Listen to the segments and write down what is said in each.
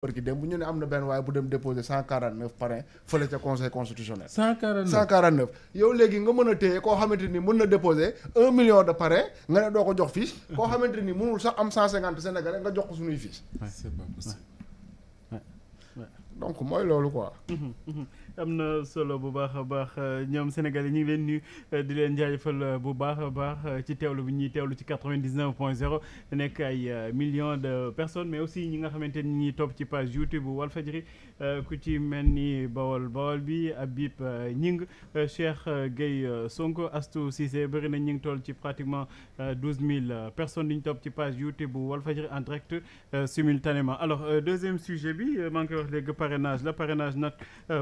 parce que dem bu ñu ne am na benn waaye bu dem déposé cent quarante neuf parrain fële ca conseil constitutionnel. cent quarante neuf yow léegi nga mën a téye koo xamante ni mën na déposé un million de parrain nga ne doo ko jox fiche. koo xamante ni mënul sax am cent cinquante sénégalais nga jox ko suñuy fiche. donc mooy loolu quoi. Mm-hmm, mm-hmm. am na solo bu baax a baax ñoom Sénégal yi ñu ngi leen nuyu di leen jaajëfal bu baax a baax ci teewlu bi ñuy teewlu ci 99 point 0 nekk ay euh, millions de personnes mais aussi ñi nga xamante ni ñuy topp ci page YouTube Walfadjri euh, ku ci mel ni Bawol Bawol bi Habib Ñing euh, Cheikh Gueye Sonko Astou Cissé bëri na ñu ngi toll ci pratiquement 12000 personnes di ñu topp ci page YouTube Walfadjri en direct simultanément alors deuxième sujet bi maa ngi koy wax léegi parrainage la parrainage nag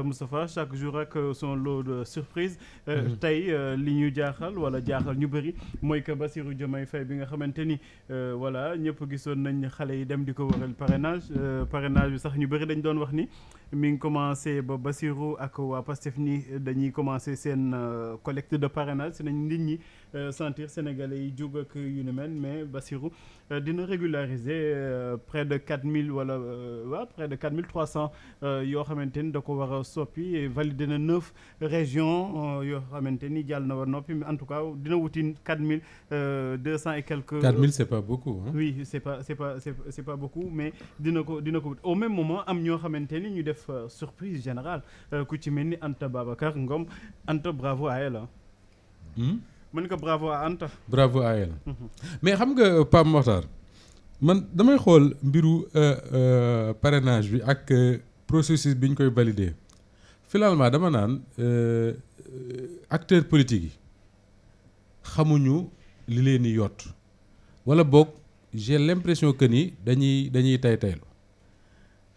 Moustapha Moustapha chaque jour ak euh, son lot de surprise euh, mhm. tey euh, li ñu jaaxal wala jaaxal ñu bëri mooy que Bassirou Diomaye Faye bi nga xamante ni voilà ñëpp gisoon nañ xale yi dem di ko waral parrainage parrainage bi sax ñu bëri dañ doon wax ni mi ngi commencé ba Bassirou ak waa Pastef ni dañuy commencé seen collecte de parrainage si nañ nit ñi sentir sénégalais yi jóg ak yu ni mel mais Bassirou dina régulariser près de 4000 wala waa près de yoo xamante ni da ko war soppi bi validé na neuf régions euh, yoo xamante ni jàll na war noppi mais en tout cas dina wuti quatre mille euh, deux cent et quelques. quatre mille c'est pas beaucoup. Hein? c'est pas c'est pas beaucoup mais dina ko dina ko wut au même moment am ñoo xamante ni ñu def euh, surprise général ku ci mel ni Anta Babacar Ngom Anta bravo à elle hmm? mën nga bravo mm-hmm. mais xam nga Pape Mokhtar man damay xool mbiru parrainage bi ak processus bi ñu koy valider. finalement dama naan euh, acteurs politiques yi xamuñu li leen di yott wala boog j'ai l'impression que ni dañuy dañuy tay taylu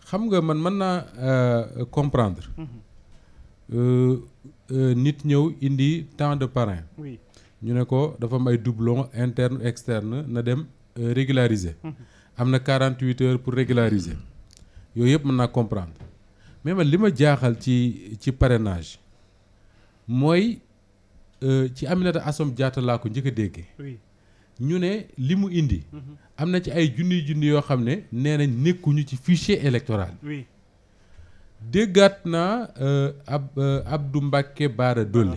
xam nga man mën naa euh, comprendre mhm. euh, nit ñëw indi temps de parrain ñu ne ko dafa am ay doublon interne externe na dem régulariser mhm. am na 48 heures pour régulariser yooyu yëpp mën naa comprendre mais man li ma jaaxal ci ci parrainage mooy euh, ci Aminata Assome Diatta laa ko njëkk a ñu ne li mu indi. Mm-hmm. am na ci ay junniy junni yoo xam ne nee nañ nekkuñu ci fichier électoral. oui déggaat naa euh, ab euh, Abdou Mbacké Baara Dolli.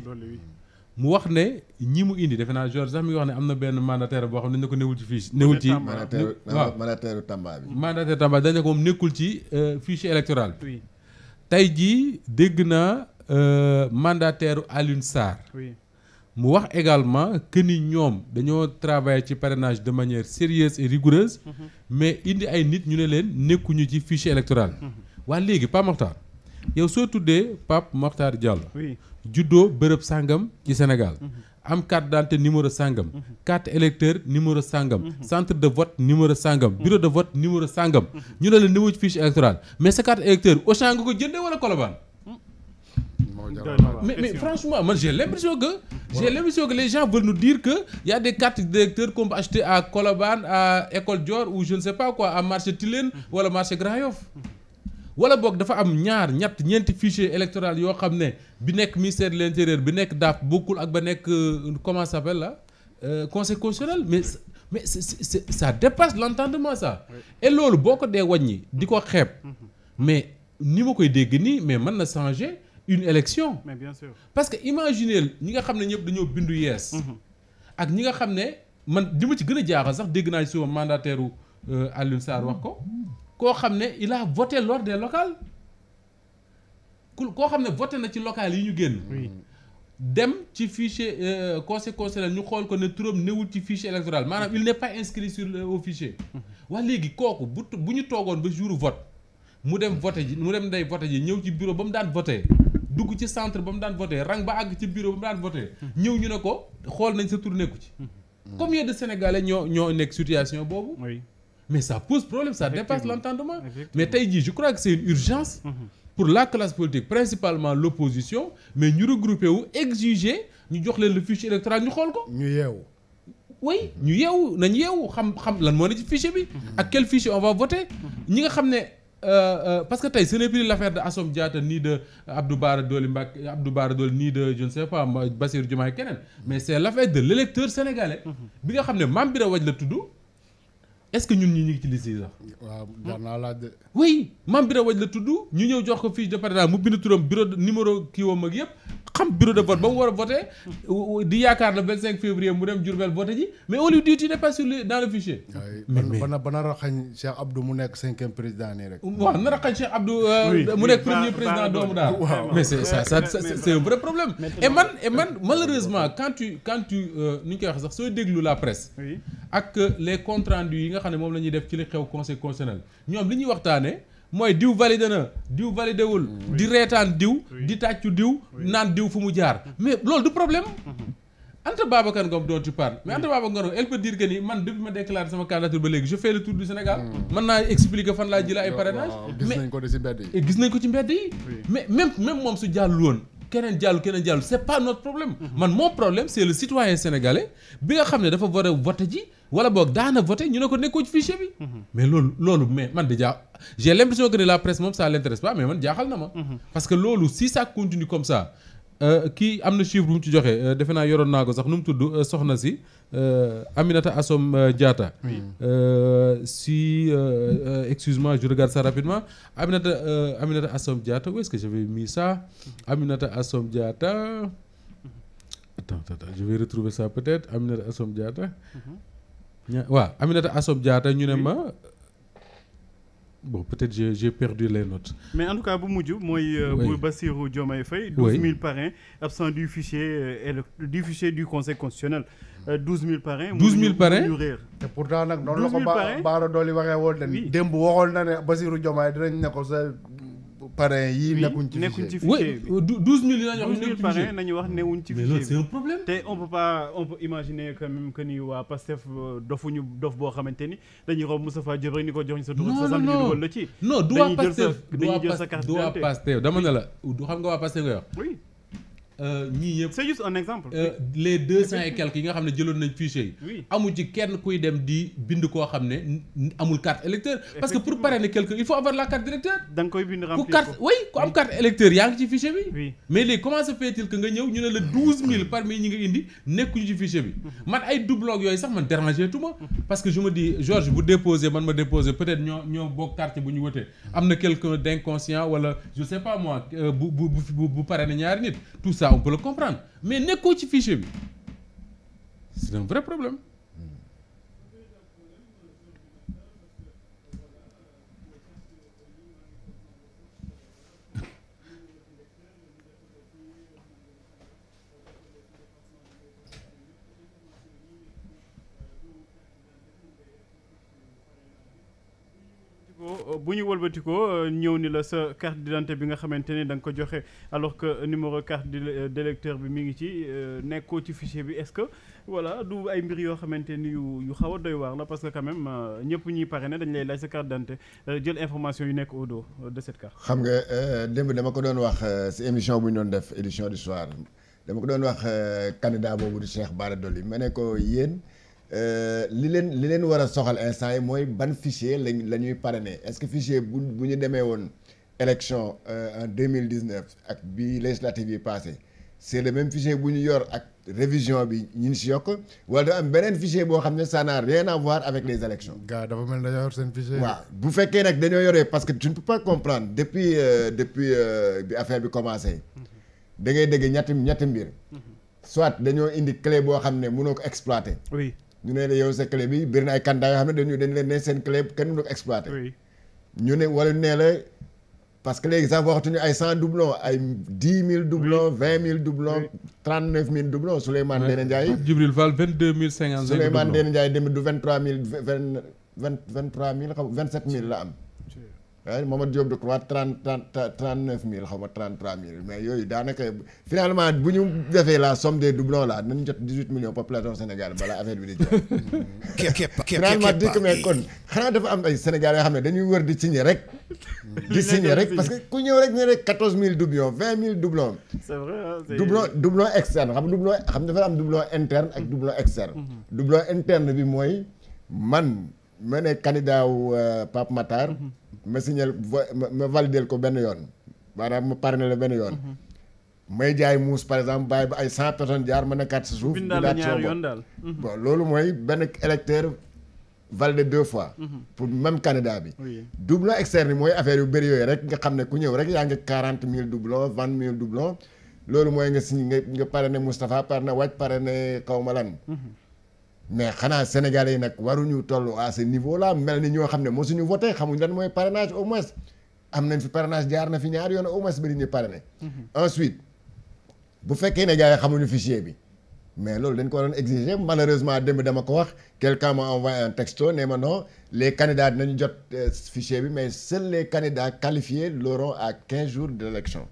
mu wax ne ñi mu indi defe naa Georges sax mi ngi wax ne am na benn mandataire boo xam ne ne ko newul ci fiche. newul ci mandataire mandataire Tamba bi. Tamba dañ ne ko moom nekkul ci fichier électoral bi. tey jii dégg naa euh, mandataire Alioune Sarr. mu wax également que ni ñoom dañoo travailler ci parenage de manière sérieuse et rigoureuse. Mhm. mais indi ay nit ñu ne leen nekkuñu ci fichier électoral. Mhm. waa léegi Pape Makhtar yow soo tuddee Pape Makhtar Diallo. juddoo bërëb sàngam ci Sénégal. Mhm. am carte d'identité numéro sàngam mhm. carte électeur numéro sangam. Mhm. centre de vote numéro sangam. Mhm. bureau de vote numéro sangam. ñu ne la niveau ci fiche électorale mais sa carte électeur Auchan nga ko jëndee wala Colobane. mais mais franchement man j'ai l'impression que. j'ai l'impression que les gens veulent nous dire que y a des cartes d'électeurs qu'on peut acheter à École Dior ou je ne sais quoi à marché Tilène wala marché Grand wala boog dafa am ñaar ñett ñeenti fichier électoral yoo xam ne bi nekk ministère de l'intérieur bi nekk DAF bokkul ak ba nekk euh, comment ça s'appelle là euh, conseil constitutionnel mais mais c'est ça dépasse l'entendement ça. et loolu boo ko dee wañ wàññi di ko xeep mm-hmm. mais ni ma koy dégg nii mais man na changer une élection. mais bien parce que imaginez ñi nga xam ne ñëpp dañoo bindu yees. Mm-hmm. ak ñi nga xam ne man di ma ci gën a jaaxal sax dégg naa ci suba mandataire euh, Alioune Sarr wax ko. koo xam ne il a voté lors des locales ku koo xam ne voté na ci locales yi ñu génn. dem ci fichier euh, conseil constitutionnel ñu xool ko ne turam newul ci fichier électoral maanaam il n'est pas inscrit sur le au mhm. wax léegi kooku bu bu ñu toogoon ba jour vote mu dem voté ji mu dem day voté ji ñëw ci bureau ba mu daan voté dugg ci centre ba mu daan voté rang ba àgg ci bureau ba mu daan voté. Mhm. ñëw ñu ne ko xool nañ sa tur nekku ci. Mhm. combien de Sénégalais ñoo ñoo nekk situation boobu. Oui. mais ça pose problème ça dépasse l'entendement mais tey jii je crois que c'est une urgence mm-hmm. pour la classe politique principalement l'opposition mais ñu regroupé wu exiger ñu jox leen le fichier électoral ñu xool ko ñu yeewu oui ñu yeewu nañ yeewu xam xam lan moo ne ci fichier bi mm-hmm. ak quel fichier on va mm-hmm. ñi nga xam ne euh, euh, parce que tey ce n'est plus l'affaire de Assom Diatta ni de Abdou Bara Dolly Mbacké Abdou Bara Dolly ni de je ne sais pas Bassirou Diomaye keneen mais c'est l'affaire de l'électeur sénégalais bi nga la tudd est-ce que ñun ñi ñu ngi ci liste yi sax. waaw jar naa laaj de. oui maam Bira Waj la tudd ñu ñëw jox ko fiche de parrainage mu bind turam bureau numéro kii woom ak yëpp xam bureau de vote ba mu war a voté di yaakaar le 25 février mu dem Diourbel voté ji mais on lui dit tu n'es pas sur le dans le fichier. mais mais raxañ Cheikh Abdou mu nekk cinquième président nii rek. waaw na raxañ Cheikh Abdou. Euh, mu nekk premier président doomu daal. mais c'est c'est ñu koy wax sax sooy déglu la presse. ak les comptes rendus yi nga xam ne moom la ñuy def ci li xew conseil constitutionnel ñoom li ñuy waxtaanee mooy diw valide na diw valide wul. Mm, di reetaan diw. di tàccu diw naan diw fu mu jaar. mais loolu du problème. Mm-hmm. Anta Babacar Ngom dont tu parles mais Anta Babacar Ngom elle peut dire que ni man depuis ma déclaré sama candidature ba léegi je fais le tour du Sénégal. Mm. mën naa expliquer fan laa jëlee ay parrainage gis nañ ko ci mbedd eh, gis nañ ko ci mbedd yi. mais même même moom su jàllul woon keneen jàll keneen jàll c'est pas mm-hmm. man mon problème c'est le citoyen sénégalais bi nga xam ne dafa war a vote ji. wala boog daana voté ñu ne ko nekkoo ci fichier bi. mais loolu loolu mais man déjà j'ai l'impression que de la presse moom ça l'intéresse pas mais man jaaxal na ma. parce que loolu si ça continue comme ça. Euh, kii am na chiffre bu mu ci joxee euh, defe naa yoroon naa ko sax nu mu tudd euh, soxna si Aminata Assom Diatta. si excuse-moi je regarde ça rapidement Aminata Aminata Assom Diatta où est-ce que j'avais mis Aminata Assom Diatta. attends attends je vais retrouver ça peut-être ña waaw Aminata Assom ñu ne ma. bon peut-être j'ai j'ai perdu les notes. mais en tout cas bu mujj mooy. Euh, bu Bassirou Diomaye Faye. oui 12000 euh, du fichier du du conseil constitutionnel 12000 parrains. 12000 parrains mu réer. pour pourtant nag noonu la ko Ba Baara Dolly waxee woon. démb waxoon na ne Bassirou Diomaye dinañ ne ko sa. parrain yii nekkuñ ci nekkuñ euh, ci fichier bi douze mille la ñu wax douze mille parrain nañu wax newuñ ci fichier bi te on peut pas on peut imaginer quand même que ni waa Pastef euh, dofuñu dof boo xamante dañuy rob Moustapha Diop ko jox ñu sa tur sa sant ñu la ci non du waa Pastef sa carte du waa Pastef dama ne la du xam nga waa Pastef nga wax Euh, ñii yëpp c'est juste un exemple. Euh, les deux cent yi nga xam ne jëloon nañ fichier yi. amul ci kenn kuy dem di bind koo xam ne amul carte électeur parce que pour parrainer quelqu'un il faut avoir la carte d'électeur ku carte oui ku am carte électeur yaa ngi ci fichier bi. mais léegi comment se fait-il que nga ñëw ñu ne la douze mille parmi ñi nga indi nekkuñu ci fichier bi. man ay doublons yooyu sax man dérangé tuma parce que je me dis Georges bu déposé man ma déposé peut-être ñoo ñoo bokk carte bu ñu wotee am na ça on peut le comprendre mais nekkoo ci fichier bi c'est un vrai problème ko bu ñu wëlbatikoo ñëw ni la sa carte d'identité bi nga xamante ni da nga ko joxe alors que numéro di d'électeur bi mi ngi ci euh, nekkoo ci fichier bi est-ce que voilà du ay mbir yoo xamante ni yu xaw a doy waax la parce que quand même euh, ñëpp ñuy pare ne dañ lay laaj sa carte d'identité euh, jël information yu nekk au dos de cette carte. xam nga démb dama ko doon wax si émission bu ñu doon def émission di soir dama ko doon wax candidat boobu du Cheikh Bara Dolly ma ne ko yéen. Euh, li leen li leen war a soxal instant yi mooy ban fichier lañ la ñuy parrainer est-ce que fichier bu bu ñu demee woon élection euh, en deux mille dix-neuf ak bi législative yi passé c'est le même fichier bu ñu yor ak révision bi ñu ngi si yokk wala dafa am beneen fichier boo xam ne ça n'a rien à avec les élections. gars dafa mel ni dañoo yor seen fichier. waaw bu fekkee nag dañoo yoree parce que tu ne peux pas comprendre depuis euh, depuis bi affaire bi commencé. da ngay dégg ñetti ñetti mbir. Mhm. soit dañoo indi clé boo xam ne mënoo ko exploiter. ñu nee la yow sa clé bi bëri na ay candidat yoo xam ne dañu dañ leen ne seen clé kenn du ko exploité ñu ne wala ñu nee la parce que léegi sax waxatuñu ay cent doublons ay dix mille doublons vingt mille doublons trente neuf mille doublons Souleymane Ndéné Ndiaye Djibril Fall vingt deux mille cinquante Souleymane Ndéné Ndiaye demit du vingt trois mille vingt vingt mille la am waaye Mamadou Diop Decroix trente trente trente neuf mille xaw ma trente trois mille mais yooyu daanaka finalement bu ñu defee la somme des doublons là nañ jot dix huit millions population Sénégal balaa affaire bi di jeex. képp finalement dikk mais kon xanaa dafa am ay Sénégal yoo xam ne dañuy wër di signé rek. di signé rek parce que ku ñëw rek ñu ne quatorze mille doublons vingt mille doublons. c'est vrai doublon doublon externe xam doublon xam dafa am doublon interne ak doublon externe. Mhm. doublon interne bi mooy man ma ne candidat wu euh, Pape Matar. Mhm. ma signal ma validel ko benn yoon maanaam ma parrainé la benn yoon. Mhm. may jaay muus par exemple bàyyi ba ay cent personnes jaar ma nekkaat si suuf. bindaal la ñaar yoon daal mhm. bon loolu mooy benn électeur validé deux fois. Mhm. pour même candidat bi. doublon externe mooy affaire yu bëri yooyu rek nga xam ne ku ñëw rek yaa ngi quarante mille doublons vingt mille doublons loolu mooy nga signé nga parrainé Moustapha parrainé Wade parrainé xaw ma lan. mais xanaa sénégal yi nag waruñu toll à ce niveau la mel ni ñoo xam ne mosuñu voté xamuñ lan mooy parrainage au moins am nañ fi parrainage jaar na fi ñaar yoon au moins bari ñu parrainé. Mhm. ensuite bu fekkee ne gars yi xamuñu fichier bi. mais loolu dañ ko doon exiger malheureusement dem dama ko wax quelqu'un m'a envoyé un texto ne ma non les candidats dinañu jot euh, fichier bi mais seuls les candidats qualifiés l'auront à quinze jours de l'élection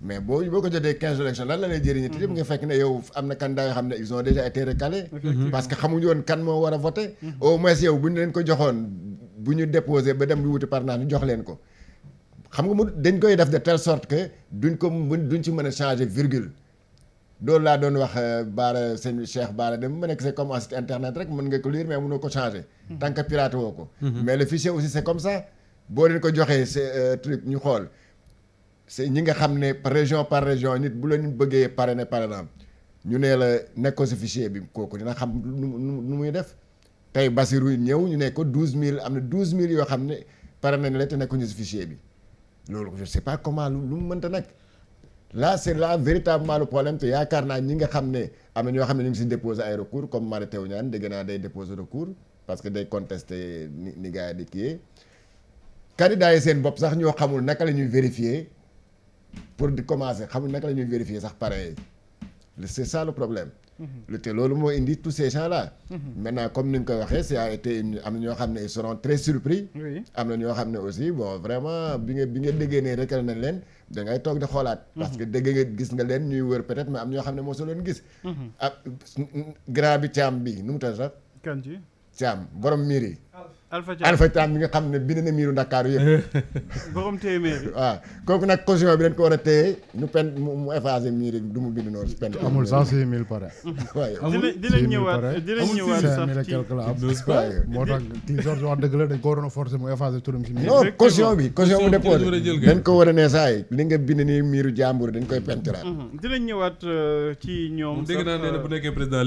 mais boo boo ko jotee quinze élections lan la lay jëriñee. te yëpp nga fekk ne yow am na candidat yoo xam ne ils ont déjà été recalés. parce que xamuñu woon kan moo war a voté. au mois yow bu ñu leen ko joxoon bu ñu déposé ba dem bi wuti par ñu jox leen ko. xam nga mu dañ koy def de telle sort que duñ ko duñ ci mën a changer virgule. loolu laa doon wax euh, Baara sëñ Cheikh Baara dem ma nekk c'est comme un internet rek mën nga ko lire mais mënoo ko changer. tant que pirate woo ko. Mhm. mais le fichier boo leen ko joxee c'est euh, ñu xool. c'est ñi nga xam ne région par région nit bu la ñu bëggee parrainer par exemple ñu ne la nekkoo si fichier bi kooku dina xam nu muy def tey Basirou ñëw ñu ne ko douze mille am na douze mille yoo xam ne parrainé na la te nekkuñu si fichier bi loolu je sais pas lu mu mënta nekk là c'est là véritablement le yaakaar naa ñi nga xam ne am na ñoo xam ne ñu si déposé ay recours comme Mary Teuw ñaan dégg naa day déposé recours parce que day contesté ni ni gars yi di kii candidats seen bopp sax ñoo xamul naka la ñuy vérifier pour di commencer xamul naka la ñuy vérifier sax parrain yi c'est ça le problème. Mhm. te loolu moo indi tous ces gens là. Mhm. maintenant comme ni nga ko waxee ça a am na ñoo xam ne ils seront très surpris. am na ñoo xam ne aussi bon vraiment bi nga déggee ne rek nañ leen da toog di xoolaat. Mhm. parce que dégg nga gis nga leen ñuy wër peut-être am ñoo xam ne mosoo leen gis. ah grand bi bi nu mu tudd sax. kan borom miir Alpha Thiam bi nga xam ne bind na miiru Ndakaaru yëpp. borom téeméeri. waaw kooku nag caution bi dañ ko war a téye ñu pen mu effacé miir du mu bind noonu. pen amul cent six mille pare. amul dinañ ñëwaat dinañ ci moo tax kii Georges wax bi caution a ne saay li nga bind nii miiru jàmbur dañ koy pentiraat. Mhm. dinañ ñëwaat euh, ci ñoom. Euh,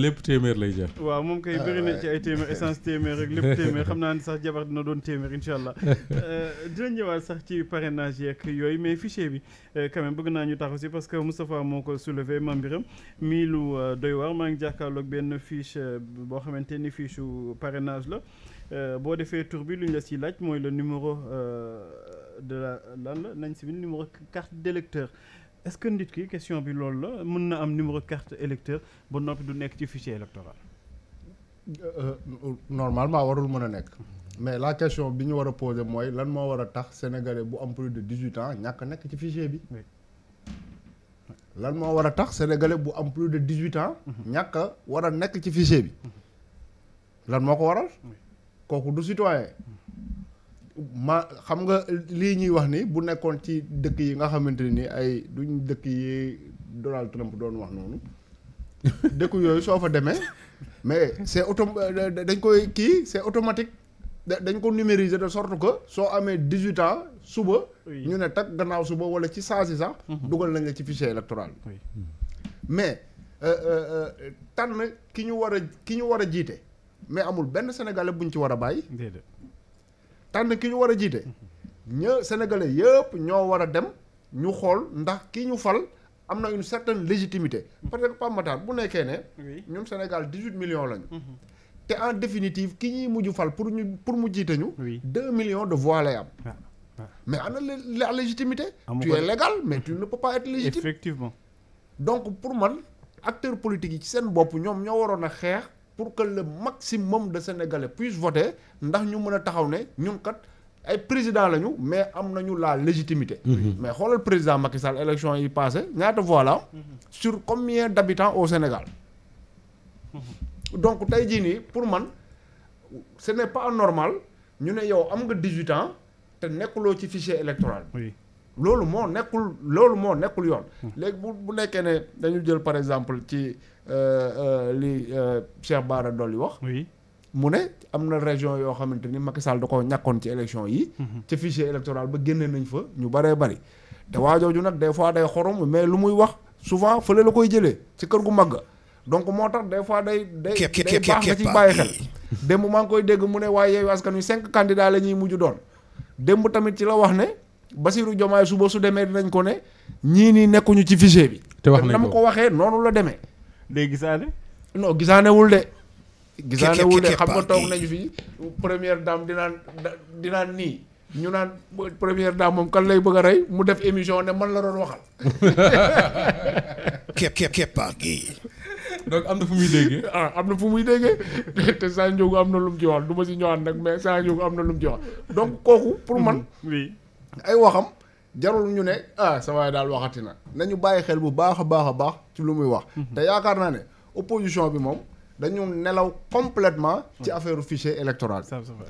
lépp téeméer lay jar. waaw moom kay bëri na ci ay téeméer essence téeméer rek lépp téeméer xam naa sax jabar dina doon téeméer incha allah euh, dina ñëwaat sax ci parrainage yeeg yooyu mais fichier bi euh, quand bëgg naa ñu taxaw si parce que Moustapha moo ko soulevé mam mbiram mii lu euh, doy waar maa ngi jàkkaarloog benn fiche boo xamante ni fiche su parrainage la boo defee tur bi lu ñu la si laaj mooy le numéro de la lan la nañ si bi numéro carte d'électeur est-ce que nit ki question bi loolu la mën na am numéro carte électeur ba noppi du nekk ci fichier électoral normalement warul mën a nekk mais la question bi ñu war a poser mooy lan moo war a tax sénégalais bu am plus de dix huit ans ñàkk nekk ci fichier bi. lan moo war a tax sénégale bu am plus de dix huit ans. ñàkk war a nekk ci fichier bi. lan moo ko waral. kooku du citoyen ma xam nga lii ñuy wax ni bu nekkoon ci dëkk yi nga xamante ni ay duñ dëkk yi Donald Trump doon wax noonu. dëkk yooyu soo fa demee mais c'est auto euh, dañ koy kii c'est automatique. dañ ko numériser de sorte que soo amee dix huit suba. ñu ne tag gannaaw suba wala ci saa si sax. dugal nañ la ci fichier électoral. mais euh, euh, euh, tànn ki ñu war a ki ñu war a jiite mais amul benn sénégalais buñ ci war a bàyyi. tànn ki ñu war a jiite. Mhm. ña sénégalais yëpp ñoo war a dem ñu xool ndax ki ñu fal. am na une certaine légitimité. Mhm. parce que Pape bu nekkee ne. ñun Sénégal dix huit millions lañu. Mhm. en définitive ki ñuy mujj fal pour ñu pour mu jiite ñu. deux millions de voix lay am. Ah, ah. mais ana la légitimité. tu es légal mais tu ne peux pas être légitime. donc pour man acteurs politiques yi ci seen bopp ñoom ñoo waroon a xeex pour que le maximum de sénégalais puissent voter ndax ñu mën a taxaw ne ñun kat. ay président lañu mais am nañu la légitimité. Mhm. mais xoolal président Macky Sall élection yi passé ñaata voix la mhm. sur combien d'habitants au Sénégal. Mhm. donc tey jii nii pour man ce n'est pas normal ñu ne yow am nga 18 ans te nekkuloo ci fichier électoral loolu moo nekkul loolu moo nekkul yoon léegi bu bu nekkee ne dañu jël par exemple ci euh, euh, li euh, Cheikh Bara Dolly wax mu ne am na région yoo xamante ni Macky Sall da ko ñàkkoon ci élection yi ci fichier électoral ba génne nañ fa ñu baree bari te waajooju nag des fois day xorom mais lu muy wax souvent fële la koy jëlee ci kër gu mag donc moo tax des fois day. day day baax nga ci bàyyi xel. démb maa ngi koy dégg mu ne waaye Yewwi Askan Wi cinq candidats la ñuy mujj doon démb tamit ci la wax ne Basirou Diomaye suba su demee dinañ ko ne ñii nii nekkuñu ci fichier bi. te wax nañ ko ko waxee noonu la demee. day gisaane. non gisaanewul de. gisaanewul de xam nga toog nañu fi première dame dinaan dinaan nii. ñu naan première dame moom kan lay bëgg a rey mu def émission ne man la doon waxal. donc am na fu muy déggee. ah am na fu muy déggee te saa njóogu am na lu mu ci du ma si ñëwaat nag mais saa njóogu am na lu mu ci donc kooku pour man. Mm-hmm. oui ay waxam jarul ñu ne ah sa daal waxati na. nañu bàyyi xel bu baax a baax a baax ci lu muy wax. Mm-hmm. te yaakaar naa ne opposition bi moom. dañu nelaw complètement ci affaire fichier électoral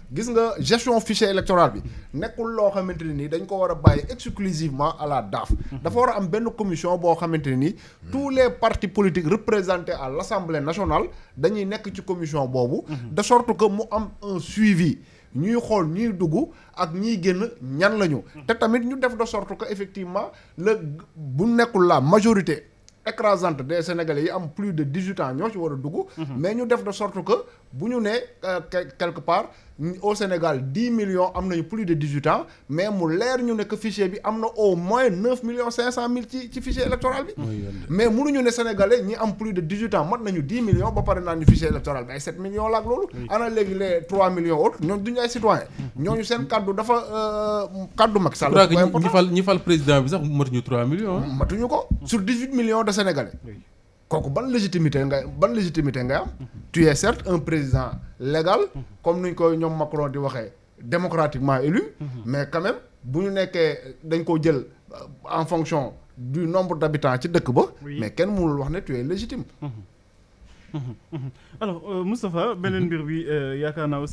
bi gis nga gestion fichier électoral bi nekkul loo xamante ne nii dañ ko war a bàyyi exclusivement à la DAF mm-hmm. dafa war a am benn commission boo xamante ne nii mm-hmm. tous les partis politiques représentés à l'Assemblée nationale dañuy nekk ci commission boobu mm-hmm. de sorte que mu am un suivi ñuy xool ñuy dugg ak ñiy génn ñan lañu. te tamit ñu def de sorte que effectivement la bu nekkul la majorité écrasante des sénégalais yi am plus de dix-huit ans ñoo ci war a dugg mhm. mais ñu def de sorte que bu ñu nee euh, quelque part au Sénégal dix millions am nañu plus de dix-huit ans mais mu leer ñu ne que fichier bi am na au moins neuf millions cinq cent mille ci ci fichier bi. mais mënuñu ne Sénégalais ñi am plus de dix-huit ans mat nañu dix millions ba pare naan ni fichier électoral bi ay sept millions la ak loolu. ana léegi les trois millions autres ñooñu duñu ay citoyens. ñooñu seen kaddu dafa euh, kaddu Macky Sall. ñi fal ñi fal président bi sax matuñu trois millions. matuñu ko sur dix-huit millions kooku ban légitimité ngay ban légitimité ngay am. tu es certes un président légal. comme nuñ koy ñoom Macron di waxee démocratiquement élu. mais quand même bu ñu nekkee dañ koo jël euh, en fonction du nombre d' habitants ci dëkk ba. mais kenn mënul wax ne tu es légitime. alors euh, Moustapha beneen mbir bi euh, yaakaar naa aussi.